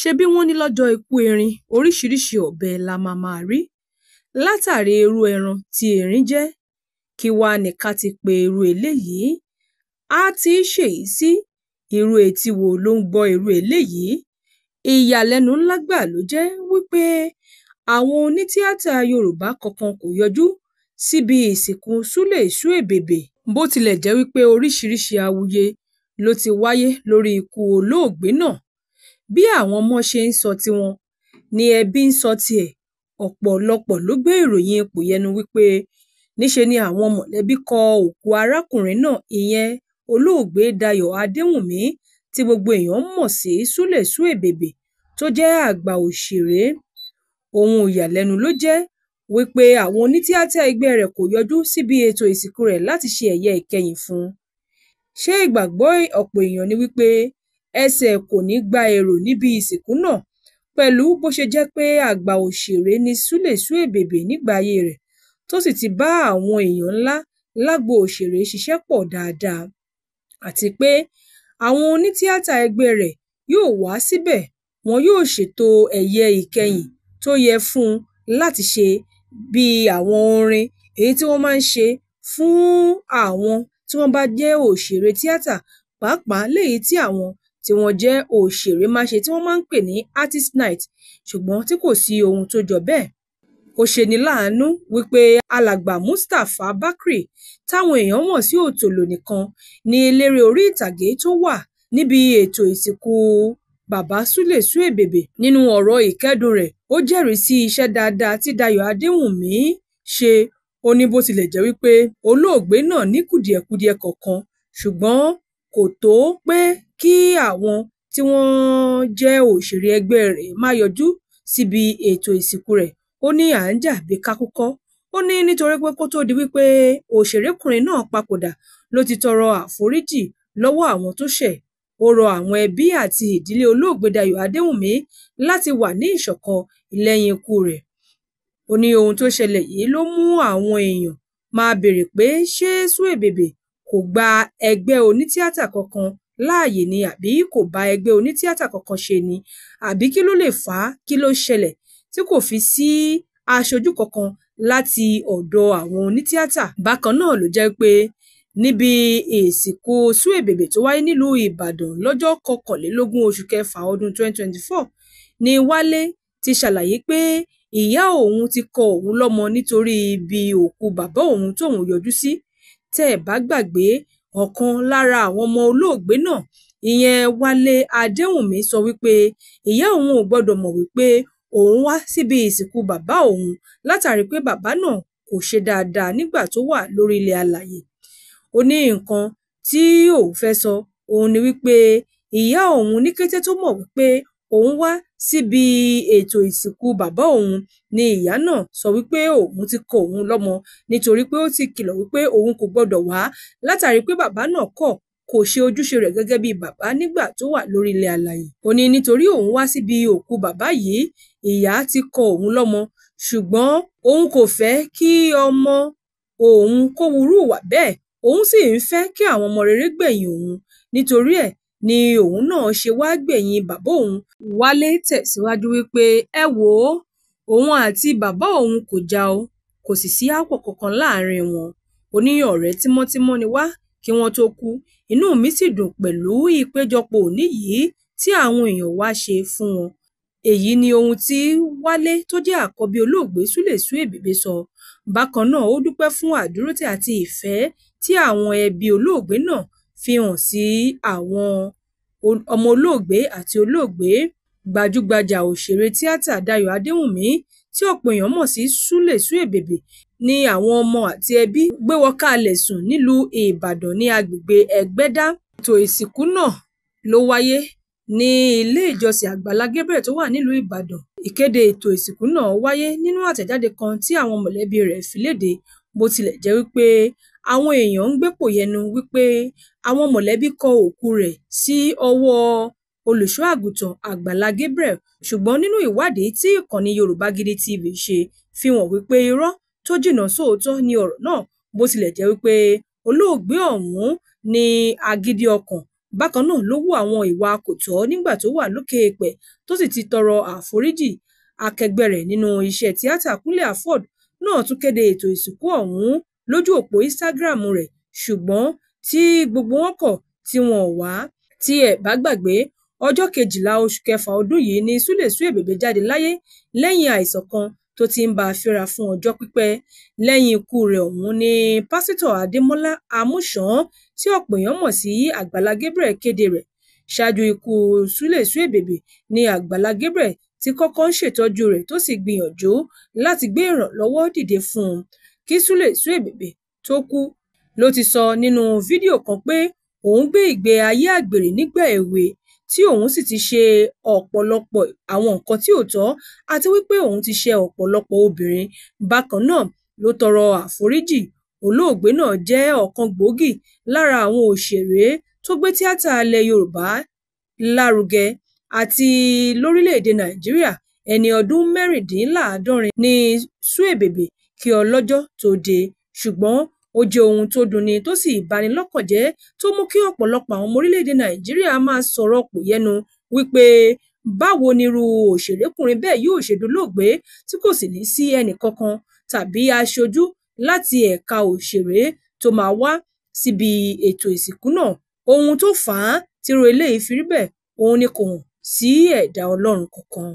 Ṣebí wọ́n ní lọ́jọ́ ikú erin oríṣiríṣi ọ̀bẹ la máa máa rí látàrí irú ẹran tí erin jẹ́, kí wá ni ká ti pe irú eléyìí? Àá ti í ṣèyí sí, irú etí wo ló ń gbọ́ irú eléyìí? Ìyàlẹ́nu ńlá gbáà ló jẹ́ wípé àwọn onítìátà Yorùbá kankan kò yọjú síbi ìsìnkú Súlè Súèbèbè bó tilẹ̀ jẹ́ wípé oríṣiríṣi awuyẹ ló ti wáyé lórí ikú olóògbé náà. Bí àwọn ọmọ ṣe ń sọ tiwọn ni ẹbí ń sọ tiẹ̀, ọ̀pọ̀lọpọ̀ ló gbé ìròyìn ipò yẹnu wípé níṣe ni àwọn mọ̀lẹ́bí kọ òkú arákùnrin náà ìyẹn olóògbé Dayọ̀ Adéwùnmí tí gbogbo èèyàn mọ̀ sí Súlè Suebebe tó jẹ́ àgbà òṣèré. Ohun ìyàlẹ́nu ló jẹ́ wípé àwọn onítìátà ẹgbẹ́ rẹ̀ kò yọjú síbi ètò ìsìnkú rẹ̀ láti ṣe ẹ̀yẹ ìkẹyìn fún un. Ṣé ìgbàgbọ́ ọ̀pọ̀ èèyàn ni wípé Ẹsẹ̀ kò ní gba èrò níbi ìsìnkú náà, pẹ̀lú bó ṣe jẹ́ pé àgbà òṣèré ni Sule Suebebe nígbà ayé rẹ̀ tó sì ti bá àwọn èèyàn ńlá lágbo òṣèré ṣiṣẹ́ pọ̀ dáadáa, àti pé àwọn onítìátà ẹgbẹ́ rẹ̀ yóò wá síbẹ̀ wọn yóò ṣètò ẹ̀yẹ ìkẹyìn tó yẹ fún un láti ṣe, bí àwọn orin èyí tí wọ́n máa ń ṣe fún àwọn tí wọ́n bá jẹ́ òṣèré tíátà pàápàá léyìí tí àwọn tí wọ́n jẹ́ òṣèré-máṣe tí wọ́n máa ń pè ní "artist night" ṣùgbọ́n tí kò sí ohun tó jọ bẹ́ẹ̀. Ó ṣeni láàánú wípé Alàgbà Mustafa Bakri, táwọn èèyàn mọ̀ sí Òtòlò nìkan ni eléré orí ìtàgé tó wà níbi ètò ìsìnkú bàbá Sule Suebebe. Nínú ọ̀rọ̀ ìkẹ́dùn rẹ̀, ó jẹ́rìí sí iṣẹ́ dáadáa tí Dayọ̀ Adéwùnmí ṣe, ó ní bó tilẹ̀ jẹ́ wípé olóògbé náà ní kùdìẹ̀kudiẹ kọ̀ọ̀kan, ṣùgbọ́n kò tó pé kí àwọn tí wọ́n jẹ́ òṣèré ẹgbẹ́ rẹ̀ máa yọjú síbi ètò ìsìnkú rẹ̀, ó ní à ń jà bíi kákúkọ. Ó ní nítorí pé kó tó di wípé òṣèrékùnrin náà papòdà ló ti tọrọ àforíjì lọ́wọ́ àwọn tó ṣẹ̀. Ó rọ àwọn ẹbí àti ìdílé olóògbé Dayọ̀ Adéwùnmí láti wà ní ìṣọ̀kan lẹ́yìn ikú rẹ̀. Ó ní ohun tó ṣẹlẹ̀ yìí ló mú àwọn èèyàn máa béèrè pé ṣé Suebebe kò gba ẹgbẹ́ onítìátà kankan láàyè ni àbí kò bá ẹgbẹ́ onítìátà kankan ṣe ni àbí kí ló lè fà á, kí ló ṣẹlẹ̀ tí kò fi sí aṣojú kankan láti ọ̀dọ̀ àwọn onítìátà. Bákan náà ló jẹ́ pé níbi ìsìnkú Suebebe tó wáyé nílùú Ìbàdàn lọ́jọ́ 21 oṣù kẹfà ọdún 2024 ni Wálé ti ṣàlàyé pé ìyá òun ti kọ òun lọ́mọ nítorí ibi òkú bàbá òun tóun yọjú sí. Tẹ́ ẹ bá gbàgbé Ọ̀kan lára àwọn ọmọ olóògbé náà, ìyẹn Wale Adéwùnmí sọ wípé ìyá òun ò gbọdọ̀ mọ̀ wípé òun wá síbi ìsìnkú bàbá òun látàrí pé bàbá náà kò ṣe dáadáa nígbà tó wà lórí ilẹ̀ alàyè. Ó ní nǹkan tí òun fẹ́ sọ òun ni wípé ìyá òun ní kété tó mọ̀ wípé òun wá Síbi ètò ìsìnkú bàbá òun ni ìyá náà sọ wípé òun ti kọ òun lọ́mọ nítorí pé ó ti kìlọ̀ wípé òun kò gbọdọ̀ wá látàrí pé bàbá náà kọ̀ kò ṣe ojúṣe rẹ̀ gẹ́gẹ́ bíi bàbá nígbà tó wà lórí ilẹ̀ alààyè. Ó ní nítorí òun wá síbi òkú bàbá yìí, ìyá ti kọ òun lọ́mọ, ṣùgbọ́n òun kò fẹ́ kí ọmọ òun kó hurú ìwà bẹ́ẹ̀, òun sì ń fẹ́ kí àwọn ọmọ rere gbẹ̀yìn òun. Nítorí ẹ̀ ni òun náà ṣe wáá gbẹ̀yìn bàbá òun wálé tẹ̀síwájú wípé ẹ wò ó òun àti bàbá òun kò já o kò sì sí àpọ̀ kankan láàrin wọn ó ní ọ̀rẹ́ tímọ́tímọ́ ni wá kí wọ́n tó kú inú mi sì dùn pẹ̀lú ìpéjọpọ̀ òní yìí tí àwọn èèyàn wá ṣe fún wọn èyí ni ohun tí wálé tó jẹ́ àkọ́bí olóògbé súlè súèbìbí sọ bákan náà ó dúpẹ́ fún àdúrótì àti ìfẹ́ tí àwọn ẹbí olóògbé náà fi hàn sí àwọn ọmọ olóògbé àti olóògbé, gbajúgbajà òṣèré tíátà Dayọ̀ Adéwùnmí tí ọ̀pọ̀ èèyàn mọ̀ sí Súlè Súèbèbè ni àwọn ọmọ àti ẹbí gbé wọ káalẹ̀ sùn nílùú Ìbàdàn ní agbègbè Ẹgbẹ́dá. Ètò ìsìnkú náà ló wáyé ní ilé ìjọsìn Àgbàlá Gabriel tó wà nílùú Ìbàdàn. Ìkéde ètò ìsìnkú náà wáyé nínú àtẹ̀jáde kan tí àwọn mọ̀lẹ́bí rẹ̀ fi léde, bó tilẹ̀ jẹ́ wípé àwọn èèyàn ń gbépòyẹnu wípé àwọn mọ̀lẹ́bí kọ òkú rẹ̀ sí ọwọ́ olùṣọ́-àgùntàn Àgbàlá Gabriel ṣùgbọ́n nínú ìwádìí tí ìkànnì Yorùbá Gidi TV ṣe fi hàn wípé irọ́ tó jìnnà sóòótọ́ ni ọ̀rọ̀ náà bó tilẹ̀ jẹ́ wípé olóògbé ọ̀hún ní agídí ọkàn bákan náà ló hu àwọn ìwà kòtọ́ nígbà tó wà lókè èèpẹ̀ tó sì ti tọrọ àforíjì akẹgbẹ́ rẹ̀ nínú iṣẹ́ tíátà Kúnlé Afọ́d náà tún kéde ètò ìsìnkú ọ̀hún lójú òpó Instagram rẹ̀ ṣùgbọ́n tí gbogbo wọn kọ̀ tí wọn ò wá. Tí ẹ bá gbàgbé, ọjọ́ 12 oṣù kẹfà ọdún yìí ni Sule Suebebe jáde láyé lẹ́yìn àìsàn kan tó ti ń bá a fínra fún ọjọ́ pípẹ́. Lẹ́yìn ikú rẹ̀ ọ̀hún ni Pásítọ̀ Adémọ́lá Amúsàn tí ọ̀pọ̀ èèyàn mọ̀ sí Àgbàlá Gabriel kéde rẹ̀. Ṣáájú ikú Sule Suebebe ni Àgbàlá Gabriel ti kọ́kọ́ ń ṣètọ́jú rẹ̀ tó sì gbìyànjú láti gbé ìrànlọ́wọ́ dìde fún un kí Súlè Suebebe tó kú, ló ti sọ nínú fídíò kan pé òun gbé ìgbé ayé àgbèrè nígbà èwe tí òun sì ti ṣe ọ̀pọ̀lọpọ̀ àwọn nǹkan tí ò tọ́ àti wípé òun ti ṣe ọ̀pọ̀lọpọ̀ obìnrin. Bákan náà ló tọrọ àforíjì. Olóògbé náà jẹ́ ọ̀kan gbòógì lára àwọn òṣèré tó gbé tíátà ilẹ̀ Yorùbá lárugẹ àti lórílẹ̀-èdè Nàìjíríà. Ẹni ọdún mẹ́rìndínláàádọ́rin ni Suebebe kí ọlọ́jọ́ tó dé ṣùgbọ́n ó jẹ́ ohun tó dùnni tó sì bani lọ́kàn jẹ́ tó mú kí ọ̀pọ̀lọpọ̀ àwọn ọmọ orílẹ̀-èdè Nàìjíríà máa sọ̀rọ̀ kòyẹ́nu wípé báwo nirú òṣèrékùnrin bẹ́ẹ̀ yóò ṣe dolóògbé tí kò sì ní sí ẹnìkankan tàbí aṣojú láti ẹ̀ka òṣèré tó máa wá síbi ètò ìsìnkú náà, ohun tó fà á tírú eléyìí fi rí bẹ́ẹ̀ òun ni kò hàn sí ẹ̀dá Ọlọ́run kankan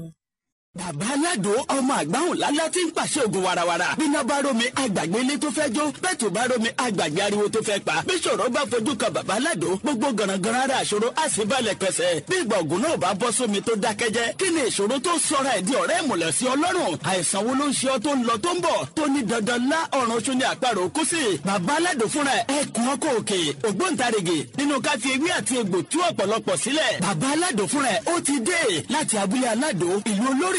bàbá aládò ọmọ àgbáhùn lálá tí ń pàṣẹ ògùn warawara bíná bá romi àgbàgbé ilé tó fẹ́ jó bẹ́ẹ̀ tó bá romi àgbàgbé ariwo tó fẹ́ pa bí ṣòro bá fojú kan bàbá aládò gbogbo gànàgànà ara àṣòro á sì balẹ̀ pẹ̀sẹ̀ bí ìgbà náà bá bọ́ sómi tó dákẹ́jẹ́ kí ni ìṣòro tó sọra ẹ̀ di ọ̀rẹ́ ìmùlẹ̀ sí ọlọ́run àìsàn wo ló ń ṣe ọ tó ń lọ tó ń bọ̀ tó ní dandan lá ọ̀run ṣo ni àparò kú sí bàbá aládò fúnra ẹ̀ kún ọkọ̀ òkè ògbóǹtarìgì nínú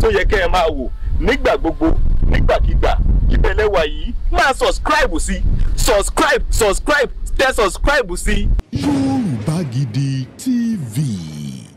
tó yẹ kẹ́ ẹ máa wò nígbà gbogbo nígbàkigbà ìbẹ̀lẹ̀ wà yìí máa subscribe sí subscribe subscribe tẹ subscribe sí. yóò